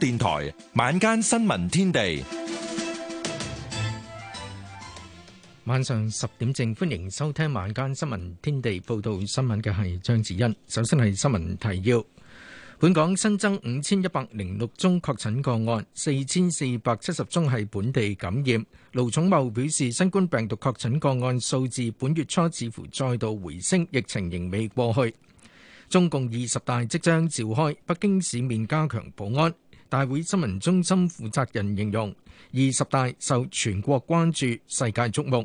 電台晚間新聞天地，晚上十點正，歡迎收聽晚間新聞天地。報道新聞嘅係張子欣。首先係新聞提要：本港新增五千一百零六宗確診個案，四千四百七十宗係本地感染。盧寵茂表示，新冠病毒確診個案數字本月初似乎再度回升，疫情仍未過去。中共二十大即將召開，北京市面加強保安。大會新聞中心負責人形容二十大受全國關注、世界矚目。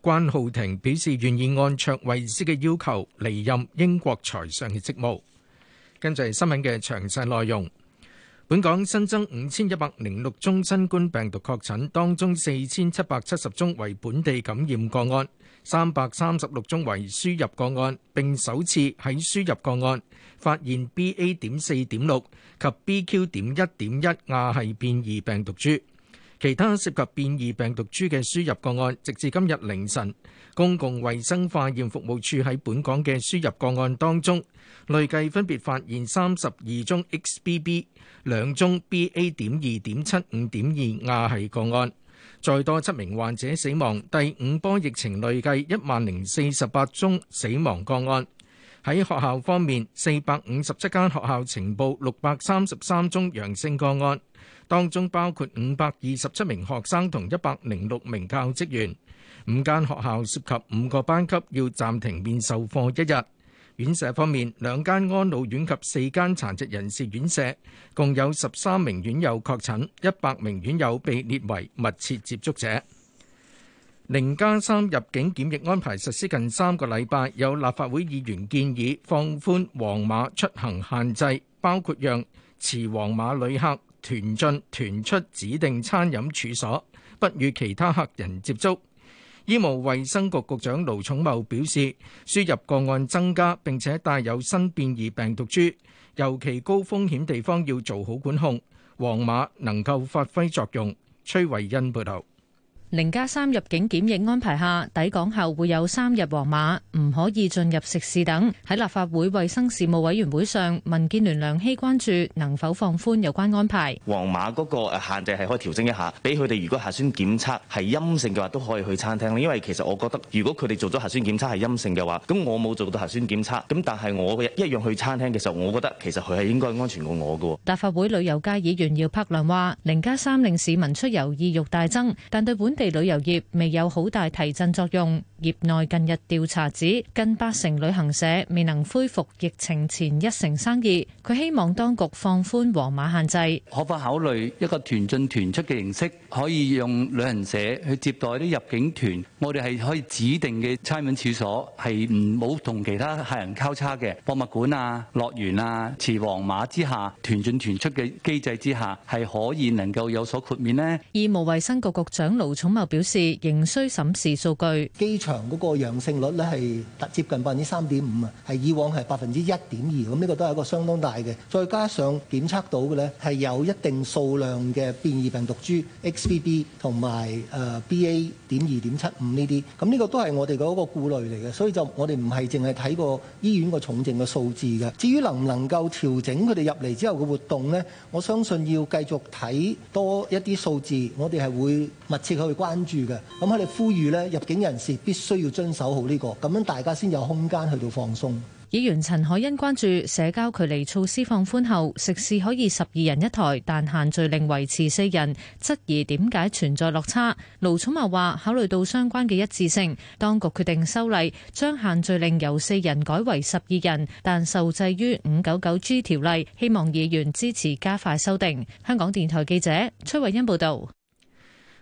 關浩庭表示願意按卓慧思嘅要求離任英國財相嘅職務。跟住係新聞嘅詳細內容：本港新增五千一百零六宗新冠病毒確診，當中四千七百七十宗為本地感染個案。三百三十六宗為輸入個案，並首次喺輸入個案發現 B.A. 點四點六及 B.Q. 點一點一亞系變異病毒株。其他涉及變異病毒株嘅輸入個案，直至今日凌晨，公共衛生化驗服務處喺本港嘅輸入個案當中，累計分別發現三十二宗 X.B.B. 兩宗 B.A. 點二點七五點二亞系個案。再多七名患者死亡，第五波疫情累計一萬零四十八宗死亡個案。喺學校方面，四百五十七間學校呈報六百三十三宗陽性個案，當中包括五百二十七名學生同一百零六名教職員。五間學校涉及五個班級要暫停面授課一日。院舍方面，兩間安老院及四間殘疾人士院舍共有十三名院友確診，一百名院友被列為密切接觸者。零加三入境檢疫安排實施近三個禮拜，有立法會議員建議放寬黃碼出行限制，包括讓持黃碼旅客團進團出指定餐飲處所，不與其他客人接觸。醫務衛生局局長盧寵茂表示，輸入個案增加，並且帶有新變異病毒株，尤其高風險地方要做好管控。黃碼能夠發揮作用。崔慧恩報道。零加三入境檢疫安排下，抵港後會有三日黃碼，唔可以進入食肆等。喺立法會衛生事務委員會上，民建聯梁希關注能否放寬有關安排。黃碼嗰個誒限制係可以調整一下，俾佢哋如果核酸檢測係陰性嘅話，都可以去餐廳。因為其實我覺得，如果佢哋做咗核酸檢測係陰性嘅話，咁我冇做到核酸檢測，咁但係我一樣去餐廳嘅時候，我覺得，其實佢係應該安全過我噶。立法會旅遊界議員姚柏良話，零加三令市民出遊意欲大增，但對本地旅遊業未有好大提振作用。業內近日調查指，近八成旅行社未能恢復疫情前一成生意。佢希望當局放寬黃碼限制，可否考慮一個團進團出嘅形式，可以用旅行社去接待啲入境團，我哋係可以指定嘅餐飲廁所，係唔冇同其他客人交叉嘅博物館啊、樂園啊、持黃碼之下團進團出嘅機制之下，係可以能夠有所豁免呢？醫務衛生局局長盧寵茂表示，仍需審視數據基礎。嗰個陽性率咧係接近百分之三點五啊，係以往係百分之一點二，咁呢個都係一個相當大嘅。再加上檢測到嘅咧係有一定數量嘅變異病毒株 XBB 同埋誒 BA 點二點七五呢啲，咁呢個都係我哋嗰個顧慮嚟嘅。所以就我哋唔係淨係睇個醫院個重症嘅數字嘅。至於能唔能夠調整佢哋入嚟之後嘅活動呢，我相信要繼續睇多一啲數字，我哋係會密切去關注嘅。咁佢哋呼籲呢入境人士必須需要遵守好呢個，咁樣大家先有空間去到放鬆。議員陳海欣關注社交距離措施放寬後，食肆可以十二人一台，但限聚令維持四人，質疑點解存在落差。盧寵茂話：考慮到相關嘅一致性，當局決定修例，將限聚令由四人改為十二人，但受制於五九九 G 條例，希望議員支持加快修訂。香港電台記者崔慧欣報道。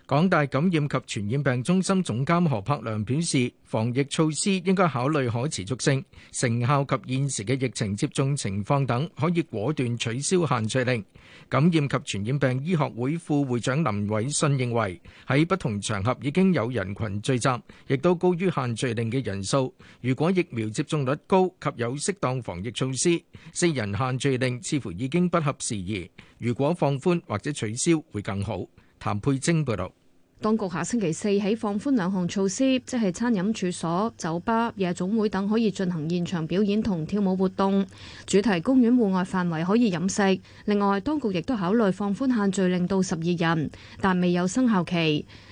港大感染及傳染病中心總監何柏良表示，防疫措施應該考慮可持續性、成效及現時嘅疫情接種情況等，可以果斷取消限聚令。感染及傳染病醫學會副會長林偉信認為，喺不同場合已經有人群聚集，亦都高於限聚令嘅人數。如果疫苗接種率高及有適當防疫措施，四人限聚令似乎已經不合時宜。如果放寬或者取消會更好。譚佩晶報道。當局下星期四起放寬兩項措施，即係餐飲處所、酒吧、夜總會等可以進行現場表演同跳舞活動，主題公園戶外範圍可以飲食。另外，當局亦都考慮放寬限聚令到十二人，但未有生效期。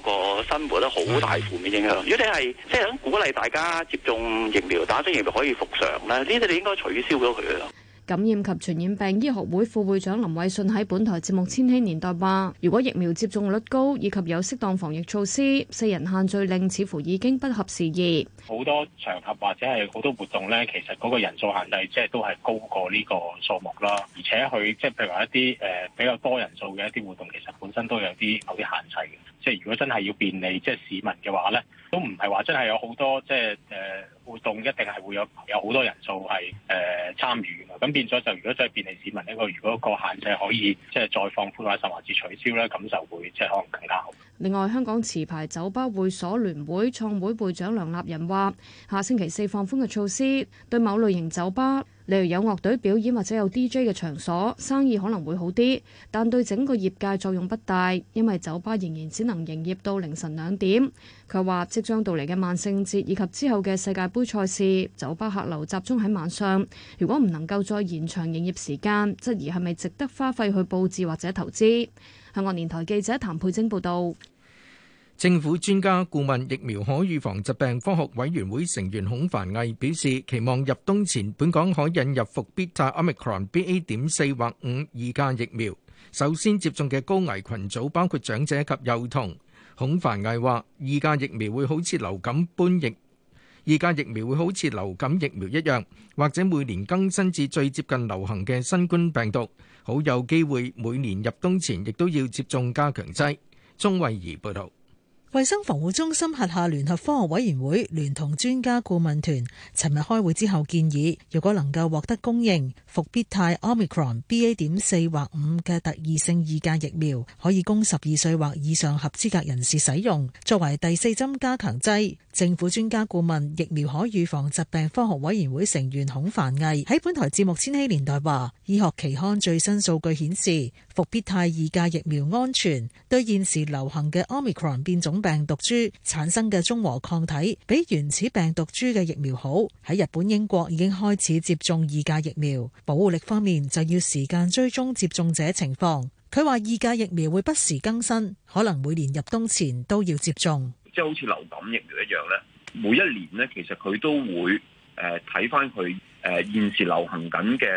個生活都好大負面影響。如果你係即係想鼓勵大家接種疫苗，打咗疫苗可以復常咧，呢啲你應該取消咗佢啦。感染及傳染病醫學會副會長林偉信喺本台節目《千禧年代》話，如果疫苗接種率高以及有適當防疫措施，四人限聚令似乎已經不合時宜。好多場合或者係好多活動咧，其實嗰個人數限制即係都係高過呢個數目啦。而且佢即係譬如話一啲誒、呃、比較多人數嘅一啲活動，其實本身都有啲有啲限制嘅。即係如果真係要便利即係市民嘅話咧，都唔係話真係有好多即係誒。呃活動一定係會有有好多人數係誒參與㗎，咁變咗就如果再便利市民呢個，如果個限制可以即係再放寬或者甚至取消咧，咁就會即係可能更加好。另外，香港持牌酒吧會所聯會創會會長梁立仁話，下星期四放寬嘅措施對某類型酒吧，例如有樂隊表演或者有 DJ 嘅場所，生意可能會好啲，但對整個業界作用不大，因為酒吧仍然只能營業到凌晨兩點。佢話：即將到嚟嘅萬聖節以及之後嘅世界盃賽事，酒吧客流集中喺晚上，如果唔能夠再延長營業時間，質疑係咪值得花費去佈置或者投資。香港電台記者譚佩晶報道。政府專家顧問疫苗可預防疾病科學委員會成員孔繁毅表示，期望入冬前本港可引入復必泰、OmicronB A. 點四或五二價疫苗。首先接種嘅高危群組包括長者及幼童。孔繁毅話：二價疫苗會好似流感般疫，二價疫苗會好似流感疫苗一樣，或者每年更新至最接近流行嘅新冠病毒，好有機會每年入冬前亦都要接種加強劑。鍾慧儀報道。衛生防護中心轄下聯合科學委員會聯同專家顧問團，尋日開會之後建議，如果能夠獲得供應，復必泰 omicron BA. 點四或五嘅特異性二價疫苗，可以供十二歲或以上合資格人士使用，作為第四針加強劑。政府專家顧問疫苗可預防疾病科學委員會成員孔繁毅喺本台節目《千禧年代》話，醫學期刊最新數據顯示。復必泰二價疫苗安全，對現時流行嘅 omicron 變種病毒株產生嘅中和抗體，比原始病毒株嘅疫苗好。喺日本、英國已經開始接種二價疫苗，保護力方面就要時間追蹤接種者情況。佢話二價疫苗會不時更新，可能每年入冬前都要接種。即係好似流感疫苗一樣咧，每一年咧其實佢都會誒睇翻佢誒現時流行緊嘅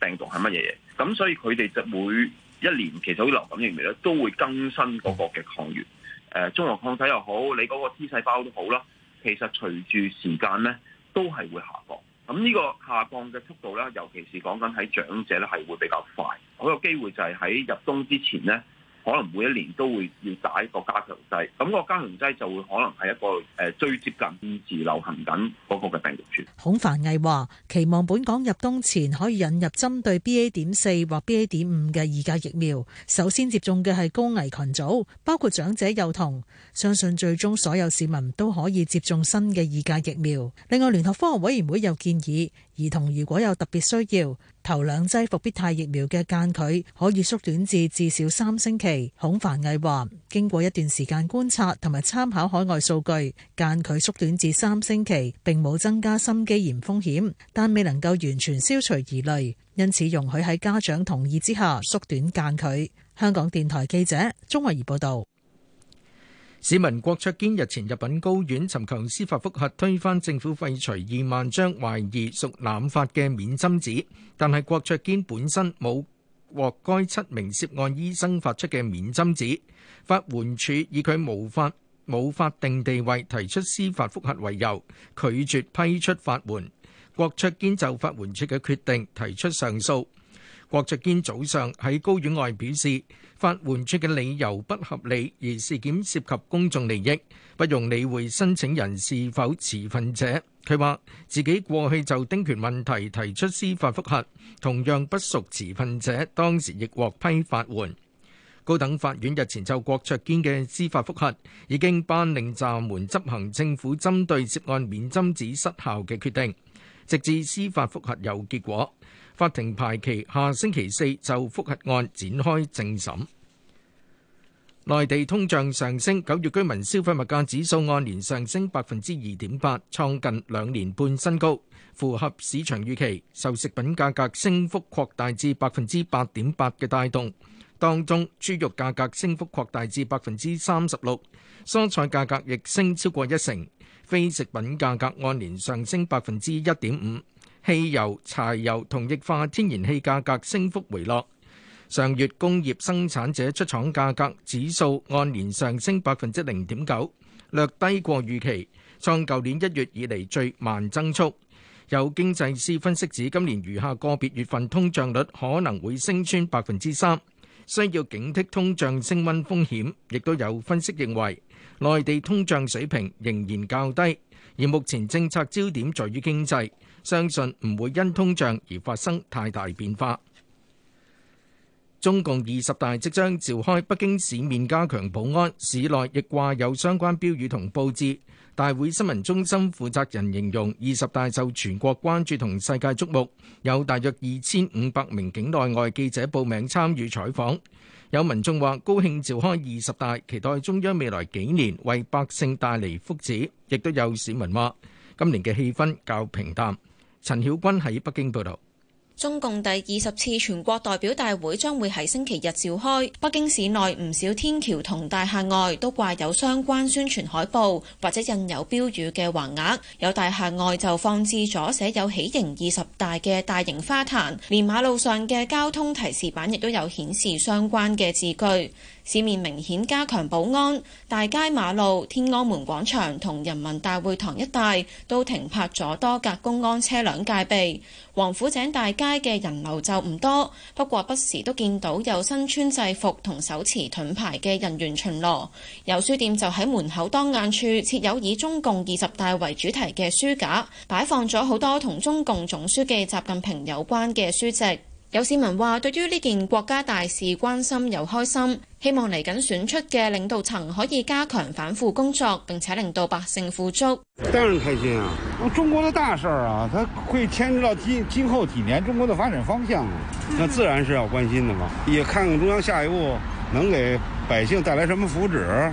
病毒係乜嘢嘢，咁、呃、所以佢哋就會。一年其實啲流感疫苗咧都會更新嗰個嘅抗原，誒中和抗體又好，你嗰個 T 細胞都好啦。其實隨住時間咧，都係會下降。咁呢個下降嘅速度咧，尤其是在講緊喺長者咧，係會比較快。好有機會就係喺入冬之前咧。可能每一年都會要打一個加強劑，咁個加強劑就會可能係一個誒最接近現時流行緊嗰個嘅病毒株。孔繁毅話：期望本港入冬前可以引入針對 B A. 點四或 B A. 點五嘅二價疫苗，首先接種嘅係高危群組，包括長者、幼童，相信最終所有市民都可以接種新嘅二價疫苗。另外，聯合科學委員會又建議，兒童如果有特別需要。頭兩劑復必泰疫苗嘅間距可以縮短至至少三星期。孔繁毅話，經過一段時間觀察同埋參考海外數據，間距縮短至三星期，並冇增加心肌炎風險，但未能夠完全消除疑慮，因此容許喺家長同意之下縮短間距。香港電台記者鍾慧儀報道。市民郭卓堅日前入禀高院尋求司法覆核，推翻政府廢除二萬張懷疑屬濫發嘅免針紙，但係郭卓堅本身冇獲該七名涉案醫生發出嘅免針紙，法援署以佢無法無法定地位提出司法覆核為由，拒絕批出法援。郭卓堅就法援署嘅決定提出上訴。郭卓堅早上喺高院外表示。法援署嘅理由不合理，而事件涉及公眾利益，不用理會申請人是否持份者。佢話自己過去就丁權問題提出司法覆核，同樣不屬持份者，當時亦獲批法援。高等法院日前就郭卓堅嘅司法覆核，已經頒令暫緩執行政府針對涉案免針紙失效嘅決定，直至司法覆核有結果。法庭排期下星期四就複核案展開正審。內地通脹上升，九月居民消費物價指數按年上升百分之二點八，創近兩年半新高，符合市場預期。受食品價格升幅擴大至百分之八點八嘅帶動，當中豬肉價格升幅擴大至百分之三十六，蔬菜價格亦升超過一成，非食品價格按年上升百分之一點五。汽油、柴油同液化天然氣價格升幅回落。上月工業生產者出廠價格指數按年上升百分之零點九，略低過預期，創舊年一月以嚟最慢增速。有經濟師分析指，今年餘下個別月份通脹率可能會升穿百分之三，需要警惕通脹升溫風險。亦都有分析認為，內地通脹水平仍然較低，而目前政策焦點在於經濟。相信唔會因通脹而發生太大變化。中共二十大即將召開，北京市面加強保安，市內亦掛有相關標語同布置。大會新聞中心負責人形容，二十大受全國關注同世界矚目，有大約二千五百名境內外記者報名參與採訪。有民眾話高興召開二十大，期待中央未來幾年為百姓帶嚟福祉。亦都有市民話今年嘅氣氛較平淡。陳曉君喺北京報道，中共第二十次全國代表大會將會喺星期日召開。北京市內唔少天橋同大廈外都掛有相關宣傳海報或者印有標語嘅橫額，有大廈外就放置咗寫有喜迎二十大嘅大型花壇，連馬路上嘅交通提示板亦都有顯示相關嘅字句。市面明顯加強保安，大街馬路、天安門廣場同人民大會堂一帶都停泊咗多架公安車輛戒備。王府井大街嘅人流就唔多，不過不時都見到有身穿制服同手持盾牌嘅人員巡邏。有書店就喺門口當眼處設有以中共二十大為主題嘅書架，擺放咗好多同中共總書記習近平有關嘅書籍。有市民話，對於呢件國家大事，關心又開心，希望嚟緊選出嘅領導層可以加強反腐工作，並且令到百姓富足。當然開心啊！中國的大事啊，它會牽涉到今今後幾年中國的發展方向啊，那自然是要關心的嘛。也看看中央下一步能給百姓帶來什麼福祉。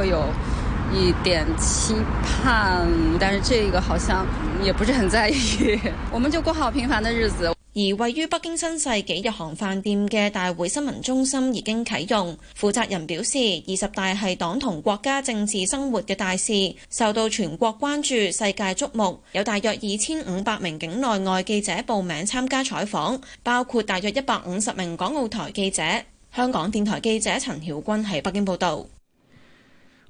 會有一點期盼，但是這個好像也不是很在意。 我們就過好平凡的日子。而位於北京新世紀日航飯店嘅大會新聞中心已經啟用。負責人表示，二十大係黨同國家政治生活嘅大事，受到全國關注、世界矚目。有大約二千五百名境內外記者報名參加採訪，包括大約一百五十名港澳台記者。香港電台記者陳曉君喺北京報道。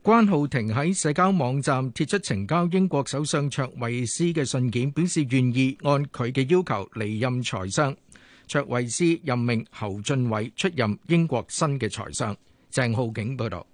關浩庭喺社交網站貼出呈交英國首相卓慧斯嘅信件，表示願意按佢嘅要求離任財相。卓慧斯任命侯俊偉出任英國新嘅財相。鄭浩景報道。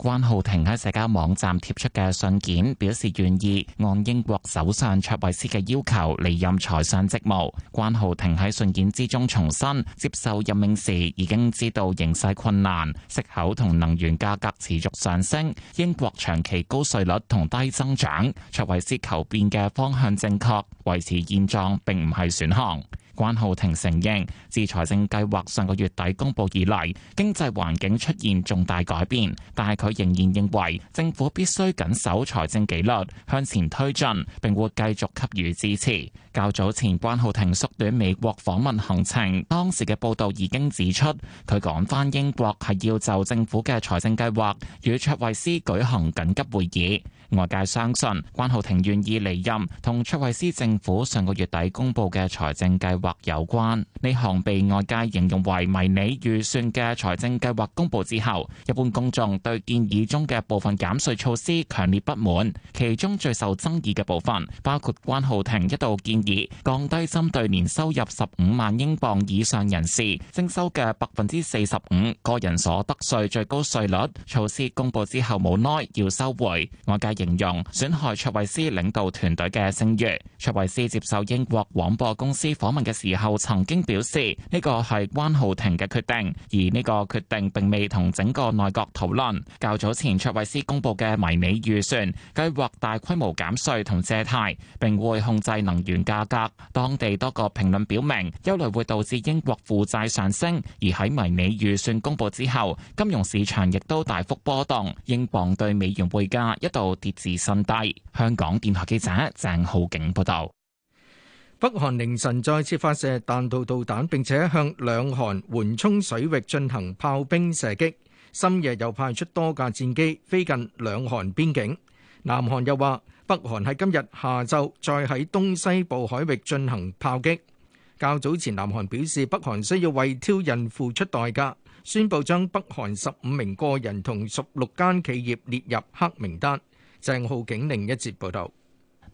關浩庭喺社交網站貼出嘅信件，表示願意按英國首相卓慧思嘅要求離任財相職務。關浩庭喺信件之中重申，接受任命時已經知道形勢困難、息口同能源價格持續上升、英國長期高稅率同低增長。卓慧思求變嘅方向正確，維持現狀並唔係選項。關浩庭承認，自財政計劃上個月底公布以嚟，經濟環境出現重大改變，但係佢仍然認為政府必須緊守財政紀律，向前推進，並會繼續給予支持。較早前關浩庭縮短美國訪問行程，當時嘅報道已經指出，佢趕返英國係要就政府嘅財政計劃與卓慧斯舉行緊急會議。外界相信關浩庭願意離任同卓惠斯政府上個月底公布嘅財政計劃有關。呢項被外界形容為迷你預算嘅財政計劃公布之後，一般公眾對建議中嘅部分減稅措施強烈不滿。其中最受爭議嘅部分包括關浩庭一度建議降低針對年收入十五萬英鎊以上人士徵收嘅百分之四十五個人所得稅最高稅率。措施公布之後，冇耐要收回。外界。形容損害卓慧思領導團隊嘅聲譽。卓慧思接受英國廣播公司訪問嘅時候，曾經表示呢個係關浩庭嘅決定，而呢個決定並未同整個內閣討論。較早前卓慧思公佈嘅迷你預算，計劃大規模減稅同借貸，並會控制能源價格。當地多個評論表明，憂慮會導致英國負債上升。而喺迷你預算公佈之後，金融市場亦都大幅波動，英鎊對美元匯價一度跌。自信低。香港電台記者鄭浩景報道。北韓凌晨再次發射彈道導彈，並且向兩韓緩衝水域進行炮兵射擊。深夜又派出多架戰機飛近兩韓邊境。南韓又話，北韓喺今日下晝再喺東西部海域進行炮擊。較早前，南韓表示，北韓需要為挑釁付出代價，宣布將北韓十五名個人同十六間企業列入黑名單。鄭浩景另一節報道。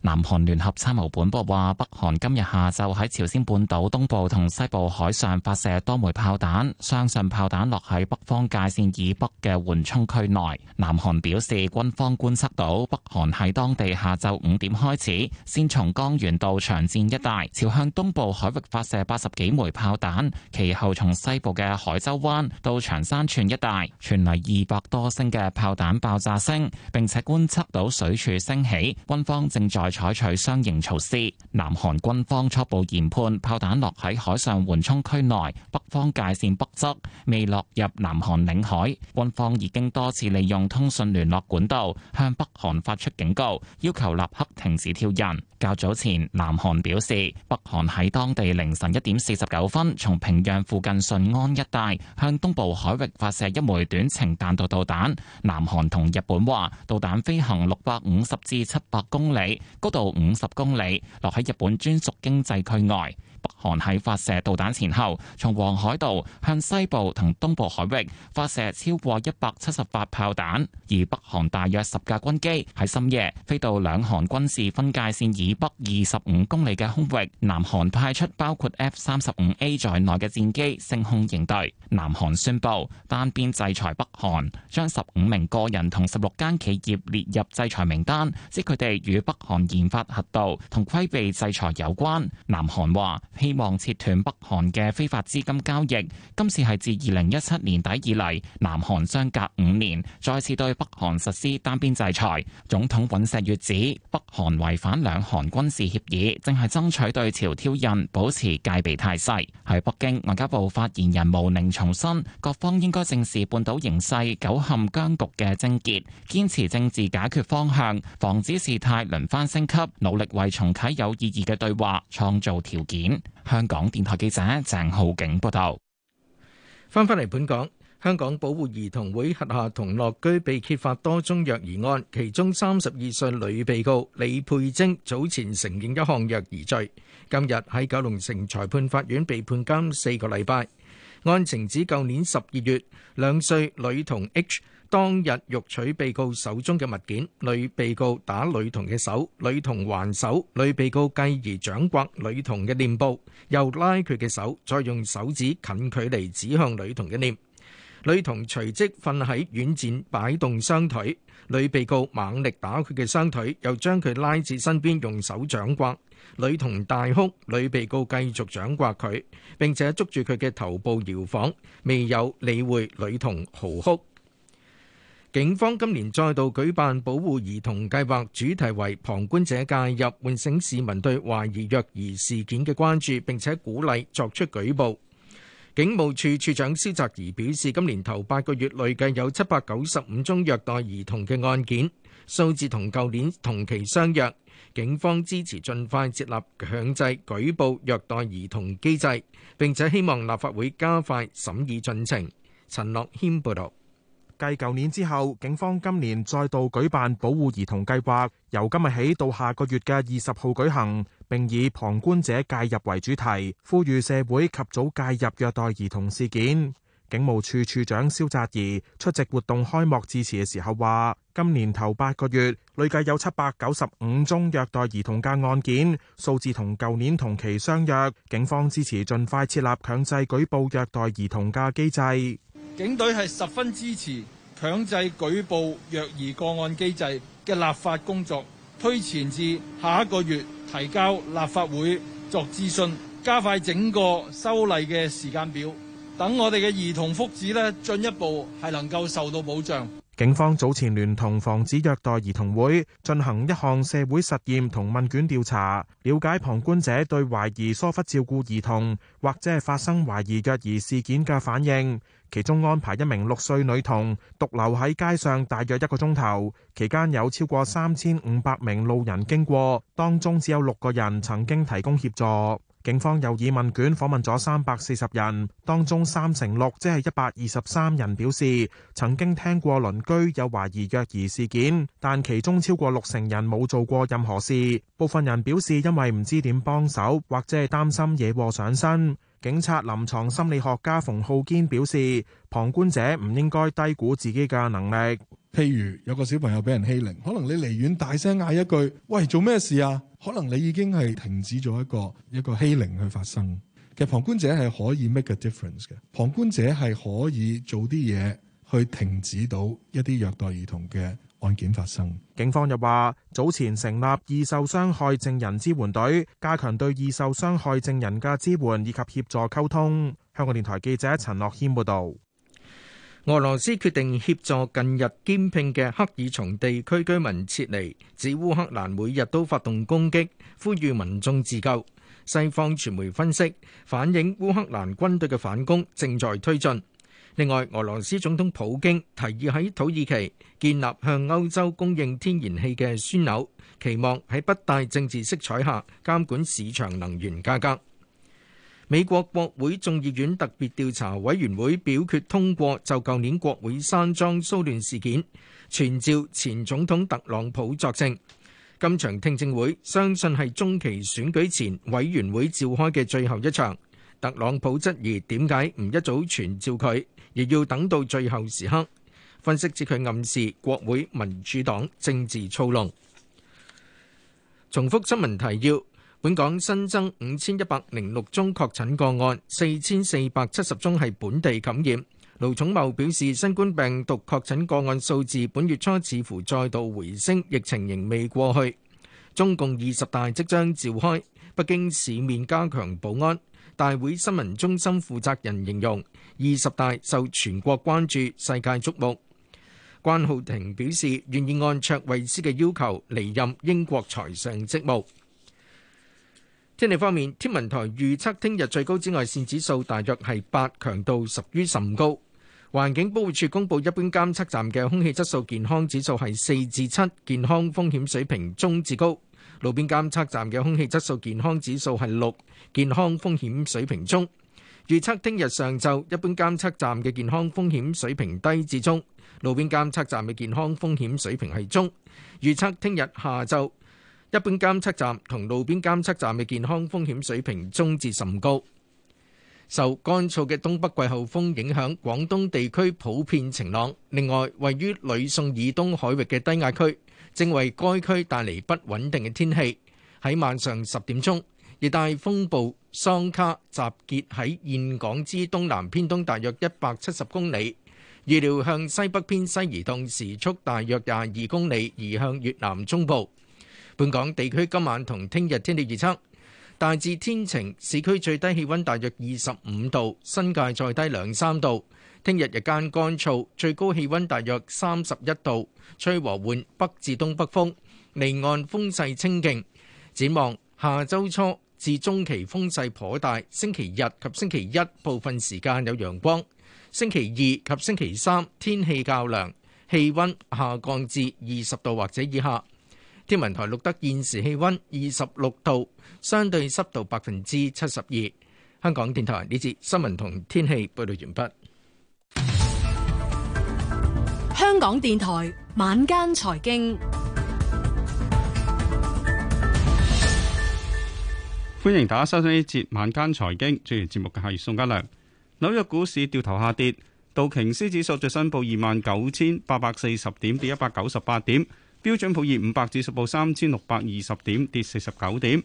南韓聯合參謀本部話，北韓今日下晝喺朝鮮半島東部同西部海上發射多枚炮彈，相信炮彈落喺北方界線以北嘅緩衝區內。南韓表示，軍方觀察到北韓喺當地下晝五點開始，先從江原道長津一帶朝向東部海域發射八十幾枚炮彈，其後從西部嘅海州灣到長山串一帶，傳嚟二百多聲嘅炮彈爆炸聲，並且觀察到水柱升起，軍方正在採取相應措施。南韓軍方初步研判，炮彈落喺海上緩衝區內，北方界線北側，未落入南韓領海。軍方已經多次利用通訊聯絡管道向北韓發出警告，要求立刻停止挑釁。較早前，南韓表示，北韓喺當地凌晨一點四十九分，從平壤附近順安一帶向東部海域發射一枚短程彈道導彈。南韓同日本話，導彈飛行六百五十至七百公里。高度五十公里，落喺日本專屬經濟區外。北韓喺發射導彈前後，從黃海道向西部同東部海域發射超過一百七十發炮彈，而北韓大約十架軍機喺深夜飛到兩韓軍事分界線以北二十五公里嘅空域。南韓派出包括 F 三十五 A 在內嘅戰機，升空應對。南韓宣布單邊制裁北韓，將十五名個人同十六間企業列入制裁名單，指佢哋與北韓研發核導同規避制裁有關。南韓話。希望切斷北韓嘅非法資金交易。今次係自二零一七年底以嚟，南韓相隔五年再次對北韓實施單邊制裁。總統尹錫悅指，北韓違反兩韓軍事協議，正係爭取對朝挑釁，保持戒備態勢。喺北京，外交部發言人毛寧重申，各方應該正視半島形勢久陷僵局嘅癥結，堅持政治解決方向，防止事態輪番升級，努力為重啟有意義嘅對話創造條件。香港電台記者鄭浩景報道，翻返嚟本港，香港保護兒童會轄下同樂居被揭發多宗虐兒案，其中三十二歲女被告李佩貞早前承認一項虐兒罪，今日喺九龍城裁判法院被判監四個禮拜。案情指舊年十二月，兩歲女童 H。當日欲取被告手中嘅物件，女被告打女童嘅手，女童還手，女被告繼而掌摑女童嘅臉部，又拉佢嘅手，再用手指近距離指向女童嘅臉。女童隨即瞓喺軟墊，擺動雙腿。女被告猛力打佢嘅雙腿，又將佢拉至身邊，用手掌摑女童，大哭。女被告繼續掌摑佢，並且捉住佢嘅頭部搖晃，未有理會女童嚎哭。警方今年再度舉辦保護兒童計劃，主題為旁觀者介入，喚醒市民對懷疑虐兒事件嘅關注，並且鼓勵作出舉報。警務處處長蕭澤頤表示，今年頭八個月累計有七百九十五宗虐待兒童嘅案件，數字同舊年同期相若。警方支持盡快設立強制舉報虐待兒童機制，並且希望立法會加快審議進程。陳樂軒報導。繼舊年之後，警方今年再度舉辦保護兒童計劃，由今日起到下個月嘅二十號舉行，並以旁觀者介入為主題，呼籲社會及早介入虐待兒童事件。警務處處長蕭澤頤出席活動開幕致辭嘅時候話，今年頭八個月累計有七百九十五宗虐待兒童嘅案件，數字同舊年同期相若。警方支持盡快設立強制舉報虐待兒童嘅機制。警隊係十分支持強制舉報虐兒個案機制嘅立法工作，推前至下一個月提交立法會作諮詢，加快整個修例嘅時間表，等我哋嘅兒童福祉呢進一步係能夠受到保障。警方早前聯同防止虐待兒童會進行一項社會實驗同問卷調查，了解旁觀者對懷疑疏忽照顧兒童或者係發生懷疑虐兒事件嘅反應。其中安排一名六歲女童獨留喺街上大約一個鐘頭，期間有超過三千五百名路人經過，當中只有六個人曾經提供協助。警方又以問卷訪問咗三百四十人，當中三成六，即係一百二十三人表示曾經聽過鄰居有懷疑虐兒事件，但其中超過六成人冇做過任何事。部分人表示因為唔知點幫手，或者係擔心惹禍上身。警察、臨床心理學家馮浩堅表示，旁觀者唔應該低估自己嘅能力。譬如有個小朋友俾人欺凌，可能你離遠大聲嗌一句：「喂，做咩事啊？可能你已經係停止咗一個一個欺凌去發生。其實旁觀者係可以 make a difference 嘅，旁觀者係可以做啲嘢去停止到一啲虐待兒童嘅。案件發生，警方又話早前成立易受傷害證人支援隊，加強對易受傷害證人嘅支援以及協助溝通。香港電台記者陳諾謙報道。俄羅斯決定協助近日兼聘嘅克爾松地區居民撤離，指烏克蘭每日都發動攻擊，呼籲民眾自救。西方傳媒分析反映，烏克蘭軍隊嘅反攻正在推進。另外，俄羅斯總統普京提議喺土耳其建立向歐洲供應天然氣嘅樞紐，期望喺不帶政治色彩下監管市場能源價格。美國國會眾議院特別調查委員會表決通過就舊年國會山莊騷亂事件傳召前總統特朗普作證。今場聽證會相信係中期選舉前委員會召開嘅最後一場。特朗普質疑點解唔一早傳召佢。亦要等到最後時刻，分析指佢暗示國會民主黨政治操弄。重複新聞提要：本港新增五千一百零六宗確診個案，四千四百七十宗係本地感染。盧寵茂表示，新冠病毒確診個案數字本月初似乎再度回升，疫情仍未過去。中共二十大即將召開，北京市面加強保安。大會新聞中心負責人形容。二十大受全國關注，世界矚目。關浩庭表示願意按卓慧思嘅要求離任英國財相職務。天氣方面，天文台預測聽日最高紫外線指數大約係八，強度屬於甚高。環境保護署公布一般監測站嘅空氣質素健康指數係四至七，7，健康風險水平中至高。路邊監測站嘅空氣質素健康指數係六，健康風險水平中。預測聽日上晝一般監測站嘅健康風險水平低至中，路邊監測站嘅健康風險水平係中。預測聽日下晝一般監測站同路邊監測站嘅健康風險水平中至甚高。受乾燥嘅東北季候風影響，廣東地區普遍晴朗。另外，位於呂宋以東海域嘅低壓區正為該區帶嚟不穩定嘅天氣。喺晚上十點鐘，熱帶風暴桑卡集結喺香港之東南偏東大約一百七十公里，預料向西北偏西移動，時速大約廿二公里，移向越南中部。本港地區今晚同聽日天氣預測，大致天晴，市區最低氣温大約二十五度，新界再低兩三度。聽日日間乾燥，最高氣温大約三十一度，吹和緩北至東北風，離岸風勢清勁。展望下週初至中期風勢頗大，星期日及星期一部分時間有陽光，星期二及星期三天氣較涼，氣温下降至二十度或者以下。天文台錄得現時氣温二十六度，相對濕度百分之七十二。香港電台呢節新聞同天氣報道完畢。香港電台晚間財經。歡迎大家收聽呢節晚間財經，主持節目嘅係宋家良。紐約股市掉頭下跌，道瓊斯指數最新報二萬九千八百四十點，跌一百九十八點；標準普爾五百指數報三千六百二十點，跌四十九點。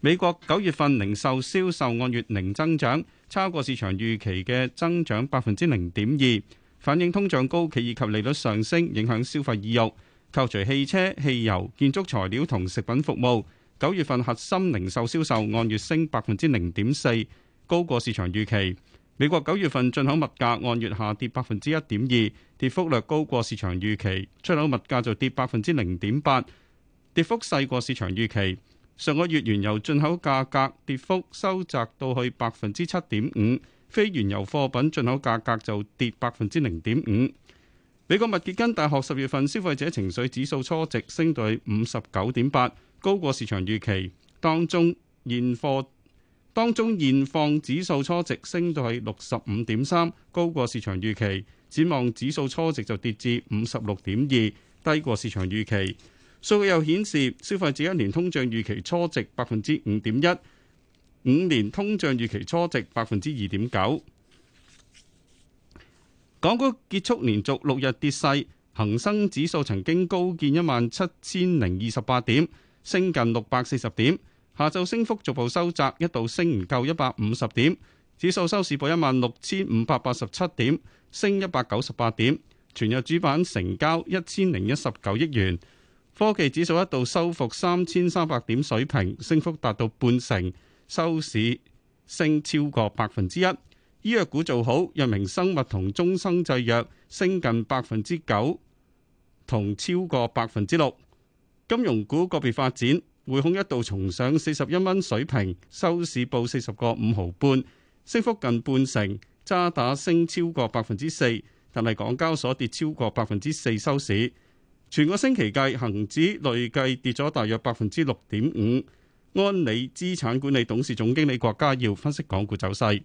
美國九月份零售銷，銷售按月零增長，超過市場預期嘅增長百分之零點二，反映通脹高企以及利率上升影響消費意欲，扣除汽車、汽油、建築材料同食品服務。九月份核心零售銷售按月升百分之零點四，高過市場預期。美國九月份進口物價按月下跌百分之一點二，跌幅略高過市場預期。出口物價就跌百分之零點八，跌幅細過市場預期。上個月原油進口價格跌幅收窄到去百分之七點五，非原油貨品進口價格就跌百分之零點五。美國密歇根大學十月份消費者情緒指數初值升到五十九點八。高過市場預期，當中現況，當中現況指數初值升到去六十五點三，高過市場預期。展望指數初值就跌至五十六點二，低過市場預期。數據又顯示，消費者一年通脹預期初值百分之五點一，五年通脹預期初值百分之二點九。港股結束連續六日跌勢，恒生指數曾經高見一萬七千零二十八點。升近六百四十點，下晝升幅逐步收窄，一度升唔夠一百五十點。指數收市報一萬六千五百八十七點，升一百九十八點。全日主板成交一千零一十九億元。科技指數一度收復三千三百點水平，升幅達到半成，收市升超過百分之一。醫藥股做好，藥明生物同中生製藥升近百分之九，同超過百分之六。金融股個別發展，匯控一度重上四十一蚊水平，收市報四十個五毫半，升幅近半成。渣打升超過百分之四，但係港交所跌超過百分之四收市。全個星期計，恒指累計跌咗大約百分之六點五。安理資產管理董事總經理郭家耀分析港股走勢。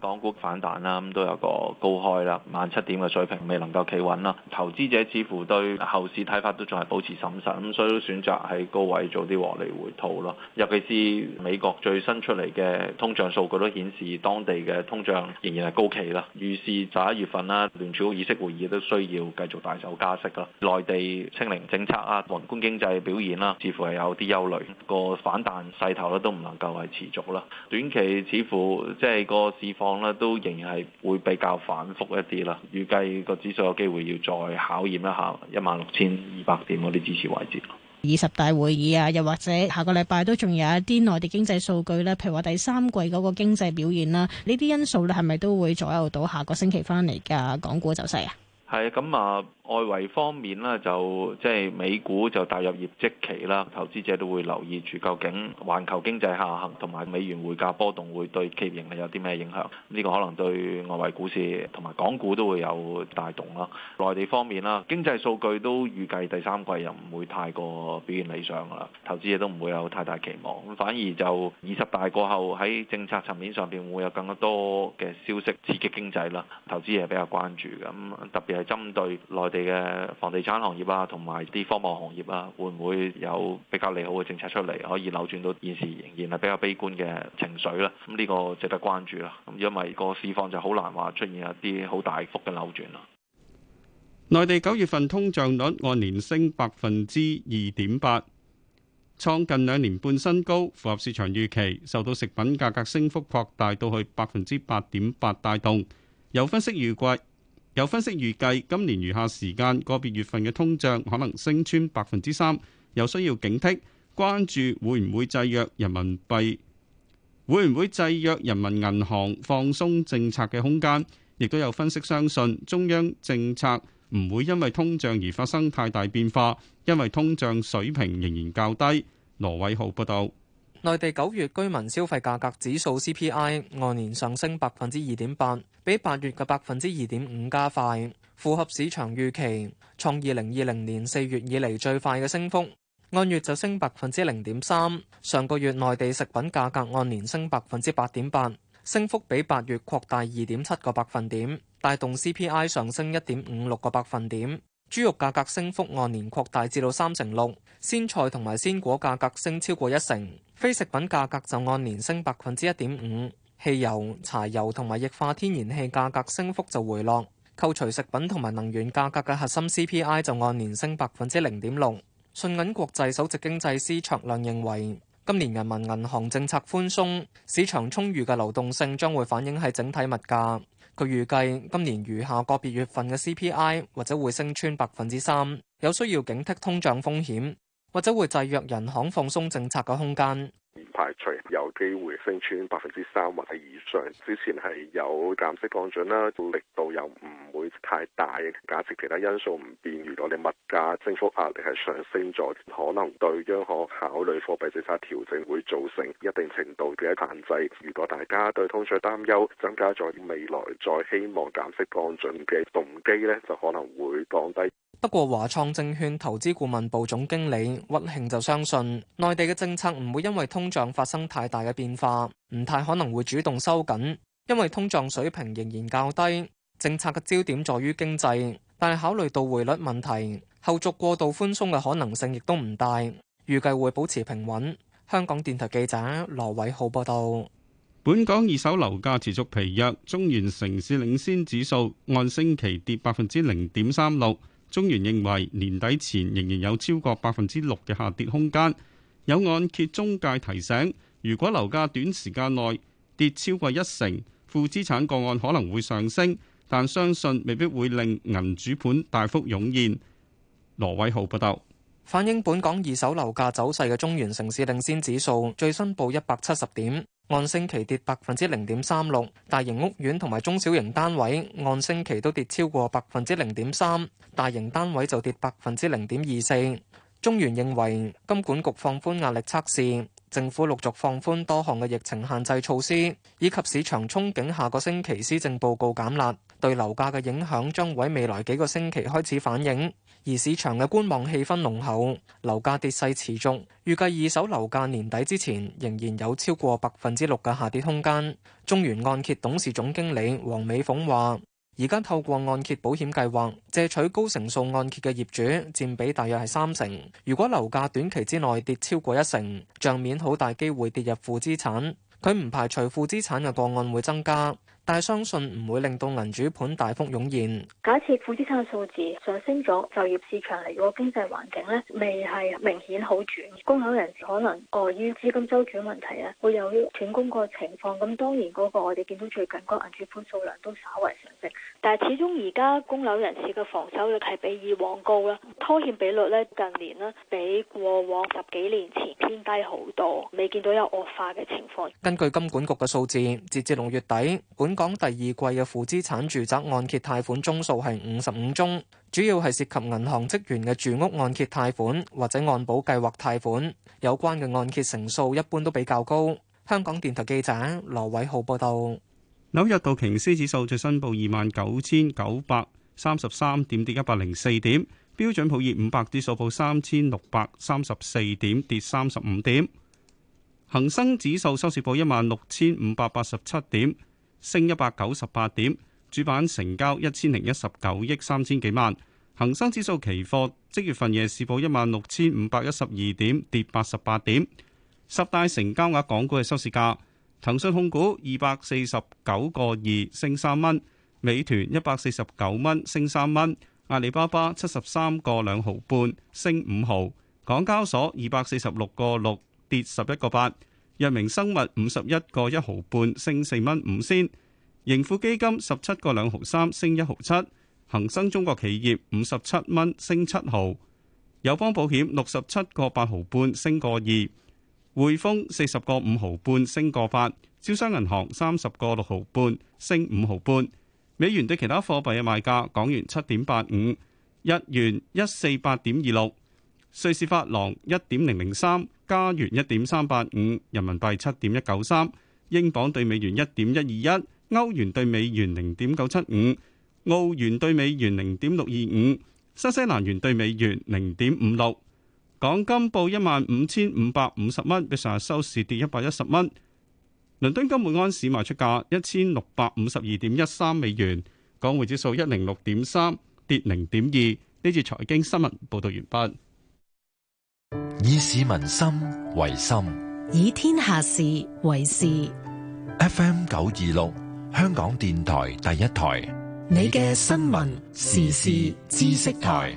港股反彈啦，咁都有個高開啦，萬七點嘅水平未能夠企穩啦。投資者似乎對後市睇法都仲係保持審慎，咁所以都選擇喺高位做啲獲利回吐咯。尤其是美國最新出嚟嘅通脹數據都顯示，當地嘅通脹仍然係高企啦。於是十一月份啦，聯儲議息會議都需要繼續大手加息啦。內地清零政策啊，宏觀經濟表現啦，似乎係有啲憂慮，個反彈勢頭咧都唔能夠係持續啦。短期似乎即係個市況，都仍然係會比較反復一啲啦，預計個指數有機會要再考驗一下一萬六千二百點嗰啲支持位置。二十大會議啊，又或者下個禮拜都仲有一啲內地經濟數據咧，譬如話第三季嗰個經濟表現啦，呢啲因素咧係咪都會左右到下個星期翻嚟嘅港股走勢啊？係咁啊。嗯外圍方面呢就即係美股就踏入業績期啦，投資者都會留意住究竟環球經濟下行同埋美元匯價波動會對企業盈利有啲咩影響？呢個可能對外圍股市同埋港股都會有帶動咯。內地方面啦，經濟數據都預計第三季又唔會太過表現理想啦，投資者都唔會有太大期望。反而就二十大過後喺政策層面上邊會有更加多嘅消息刺激經濟啦，投資者比較關注咁，特別係針對內地嘅房地產行業啊，同埋啲科網行業啊，會唔會有比較利好嘅政策出嚟，可以扭轉到現時仍然係比較悲觀嘅情緒咧？咁呢個值得關注啦。咁因為個市況就好難話出現一啲好大幅嘅扭轉啦。內地九月份通脹率按年升百分之二點八，創近兩年半新高，符合市場預期。受到食品價格升幅擴大到去百分之八點八帶動。有分析預計。有分析預計今年餘下時間個別月份嘅通脹可能升穿百分之三，有需要警惕，關注會唔會制約人民幣，會唔會制約人民銀行放鬆政策嘅空間。亦都有分析相信中央政策唔會因為通脹而發生太大變化，因為通脹水平仍然較低。羅偉浩報道。內地九月居民消費價格指數 CPI 按年上升百分之二點八，比八月嘅百分之二點五加快，符合市場預期，創二零二零年四月以嚟最快嘅升幅。按月就升百分之零點三。上個月內地食品價格按年升百分之八點八，升幅比八月擴大二點七個百分點，帶動 CPI 上升一點五六個百分點。豬肉價格升幅按年擴大至到三成六，鮮菜同埋鮮果價格升超過一成。非食品價格就按年升百分之一點五，汽油、柴油同埋液化天然氣價格升幅就回落。扣除食品同埋能源價格嘅核心 CPI 就按年升百分之零點六。信銀國際首席經濟師卓亮認為，今年人民銀行政策寬鬆，市場充裕嘅流動性將會反映喺整體物價。佢預計今年餘下個別月份嘅 CPI 或者會升穿百分之三，有需要警惕通脹風險。或者會制約人行放鬆政策嘅空間。唔排除有機會升穿百分之三或者以上，之前係有減息降準啦，力度又唔會太大，假設其他因素唔變，如果你物價升幅壓力係上升咗，可能對央行考慮貨幣政策調整會造成一定程度嘅限制。如果大家對通脹擔憂增加咗，未來再希望減息降準嘅動機咧，就可能會降低。不過華創證券投資顧問部總經理屈慶就相信，內地嘅政策唔會因爲通通脹發生太大嘅變化，唔太可能會主動收緊，因為通脹水平仍然較低。政策嘅焦點在於經濟，但係考慮到匯率問題，後續過度寬鬆嘅可能性亦都唔大，預計會保持平穩。香港電台記者羅偉浩報道，本港二手樓價持續疲弱，中原城市領先指數按星期跌百分之零點三六。中原認為年底前仍然有超過百分之六嘅下跌空間。有按揭中介提醒，如果樓價短時間內跌超過一成，負資產個案可能會上升，但相信未必會令銀主盤大幅湧現。羅偉豪報道，反映本港二手樓價走勢嘅中原城市領先指數最新報一百七十點，按星期跌百分之零點三六。大型屋苑同埋中小型單位按星期都跌超過百分之零點三，大型單位就跌百分之零點二四。中原認為金管局放寬壓力測試，政府陸續放寬多項嘅疫情限制措施，以及市場憧憬下個星期施政報告減辣，對樓價嘅影響將會未來幾個星期開始反映。而市場嘅觀望氣氛濃厚，樓價跌勢持續，預計二手樓價年底之前仍然有超過百分之六嘅下跌空間。中原按揭董事總經理黃美鳳話。而家透過按揭保險計劃，借取高成數按揭嘅業主佔比大約係三成。如果樓價短期之內跌超過一成，帳面好大機會跌入負資產。佢唔排除負資產嘅個案會增加。但係相信唔會令到銀主盤大幅湧現。假設負資產嘅數字上升咗，就業市場嚟，如果經濟環境呢未係明顯好轉，供樓人士可能礙於資金周轉問題呢，會有斷供個情況。咁當然嗰個我哋見到最近個銀主盤數量都稍為上升，但係始終而家供樓人士嘅防守率係比以往高啦。拖欠比率呢近年呢比過往十幾年前偏低好多，未見到有惡化嘅情況。根據金管局嘅數字，截至六月底，本港第二季嘅負資產住宅按揭貸款宗數係五十五宗，主要係涉及銀行職員嘅住屋按揭貸款或者按保計劃貸款。有關嘅按揭成數一般都比較高。香港電台記者羅偉浩報道。紐約道瓊斯指數最新報二萬九千九百三十三點，跌一百零四點。標準普爾五百指數報三千六百三十四點，跌三十五點。恒生指數收市報一萬六千五百八十七點。升一百九十八點，主板成交一千零一十九億三千幾萬。恆生指數期貨即月份夜市報一萬六千五百一十二點，跌八十八點。十大成交額港股嘅收市價：騰訊控股二百四十九個二，升三蚊；美團一百四十九蚊，升三蚊；阿里巴巴七十三個兩毫半，升五毫；港交所二百四十六個六，跌十一個八。日生物五十一個一毫半，升四蚊五仙；盈富基金十七個兩毫三，升一毫七；恒生中國企業五十七蚊，升七毫；友邦保險六十七個八毫半，匯豐 15, 升個二；匯豐四十個五毫半，升個八；招商銀行三十個六毫半，升五毫半。美元對其他貨幣嘅賣價：港元七點八五，日元一四八點二六。瑞士法郎一點零零三，加元一點三八五，人民幣七點一九三，英鎊兌美元一點一二一，歐元兌美元零點九七五，澳元兌美元零點六二五，新西蘭元兌美元零點五六。港金報一萬五千五百五十蚊，比上日收市跌一百一十蚊。倫敦金每安士賣出價一千六百五十二點一三美元，港匯指數一零六點三，跌零點二。呢次財經新聞報道完畢。以市民心為心，以天下事為事。FM 九二六，香港電台第一台，你嘅新聞時事知識台。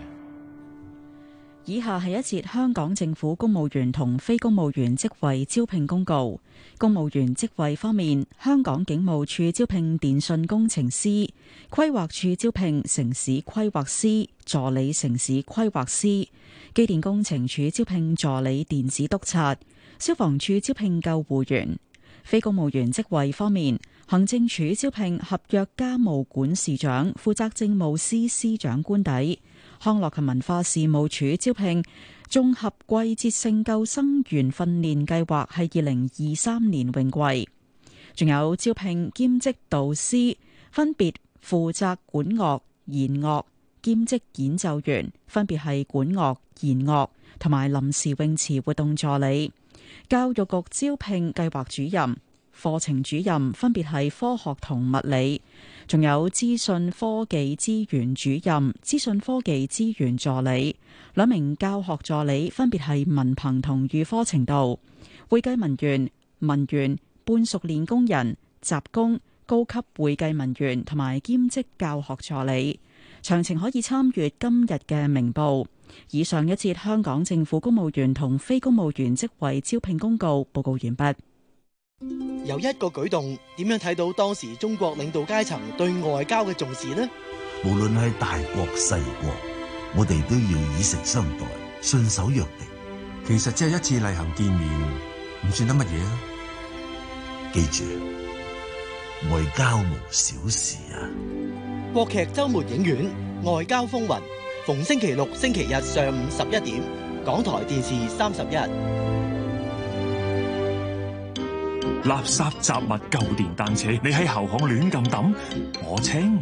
以下係一節香港政府公務員同非公務員職位招聘公告。公務員職位方面，香港警務處招聘電訊工程師，規劃處招聘城市規劃師、助理城市規劃師。機電工程處招聘助理電子督察，消防處招聘救護員。非公務員職位方面，行政署招聘合約家務管事長，負責政務司司長官邸。康樂及文化事務署招聘綜合季節性救生員訓練計劃係二零二三年泳季，仲有招聘兼職導師，分別負責管樂、弦樂。兼職演奏員分別係管樂、弦樂同埋臨時泳池活動助理。教育局招聘計劃主任、課程主任分別係科學同物理，仲有資訊科技資源主任、資訊科技資源助理。兩名教學助理分別係文憑同預科程度。會計文員、文員、半熟練工人、雜工、高級會計文員同埋兼職教學助理。詳情可以參閱今日嘅明報。以上一節香港政府公務員同非公務員職位招聘公告，報告完畢。有一個舉動，點樣睇到當時中國領導階層對外交嘅重視呢？無論係大國細國，我哋都要以誠相待，信守約定。其實只係一次例行見面，唔算得乜嘢啊！記住，外交無小事啊！國劇周末影院《外交風雲》逢星期六、星期日上午十一點，港台電視三十一。垃圾雜物舊電單車，你喺後巷亂咁抌，我清；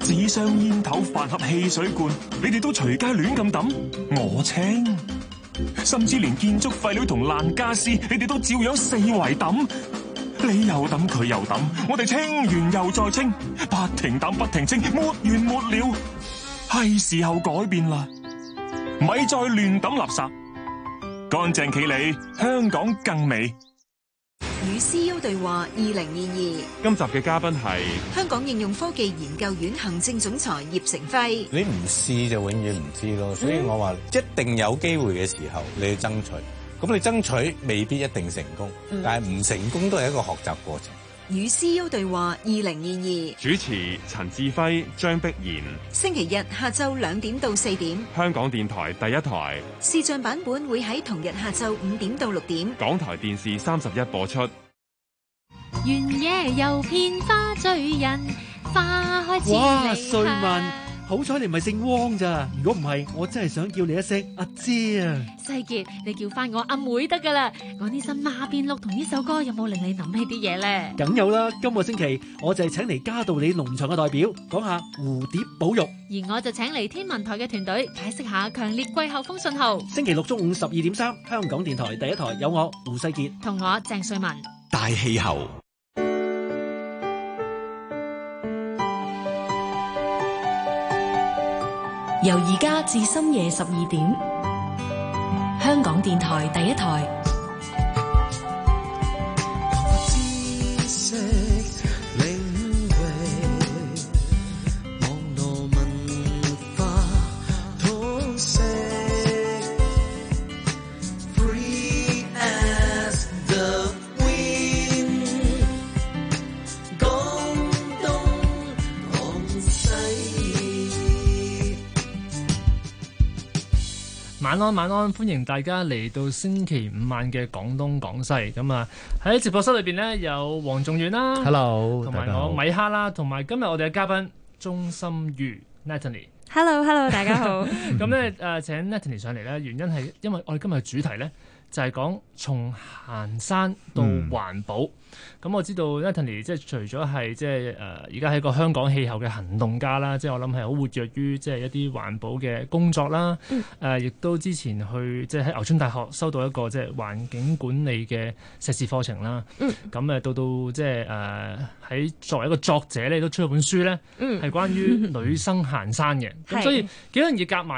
紙箱煙頭飯盒汽水罐，你哋都隨街亂咁抌，我清；甚至連建築廢料同爛家私，你哋都照樣四圍抌。你又抌佢又抌，我哋清完又再清，不停抌不停清，沒完沒了。係時候改變啦，咪再亂抌垃圾，乾淨企理，香港更美。與 C U 對話二零二二，今集嘅嘉賓係香港應用科技研究院行政總裁葉成輝。你唔試就永遠唔知咯，所以我話一定有機會嘅時候，你去爭取。咁你爭取未必一定成功，嗯、但係唔成功都係一個學習過程。與 CEO 對話二零二二，主持陳志輝、張碧賢。星期日下晝兩點到四點，香港電台第一台視像版本會喺同日下晝五點到六點，港台電視三十一播出。原野又遍花醉人，花開千里哇香好彩你唔係姓汪咋，如果唔係，我真係想叫你一聲阿姐啊！世傑，你叫翻我阿妹得噶啦！我呢首馬變鹿同呢首歌有冇令你諗起啲嘢呢？梗有啦！今個星期我就係請嚟嘉道理農場嘅代表講下蝴蝶保育，而我就請嚟天文台嘅團隊解釋下強烈季候風信號。星期六中午十二點三，香港電台第一台有我胡世傑同我鄭瑞文大氣候。由而家至深夜十二點，香港電台第一台。晚安，晚安！歡迎大家嚟到星期五晚嘅廣東廣西。咁啊，喺直播室裏邊咧，有黃仲遠啦，Hello，同埋我米哈啦，同埋今日我哋嘅嘉賓鍾心如 Natalie，Hello，Hello，大家好。咁咧誒，請 Natalie 上嚟咧，原因係因為我哋今日嘅主題咧就係講從行山到環保。嗯咁我知道 Anthony 即係除咗係即係誒而家係一個香港氣候嘅行動家啦，即係我諗係好活躍於即係一啲環保嘅工作啦。誒亦、嗯、都之前去即係喺牛津大學收到一個即係環境管理嘅碩士課程啦。咁誒、嗯、到到即係誒喺作為一個作者咧，都出咗本書咧，係關於女生行山嘅。咁、嗯、 所以幾樣嘢夾埋。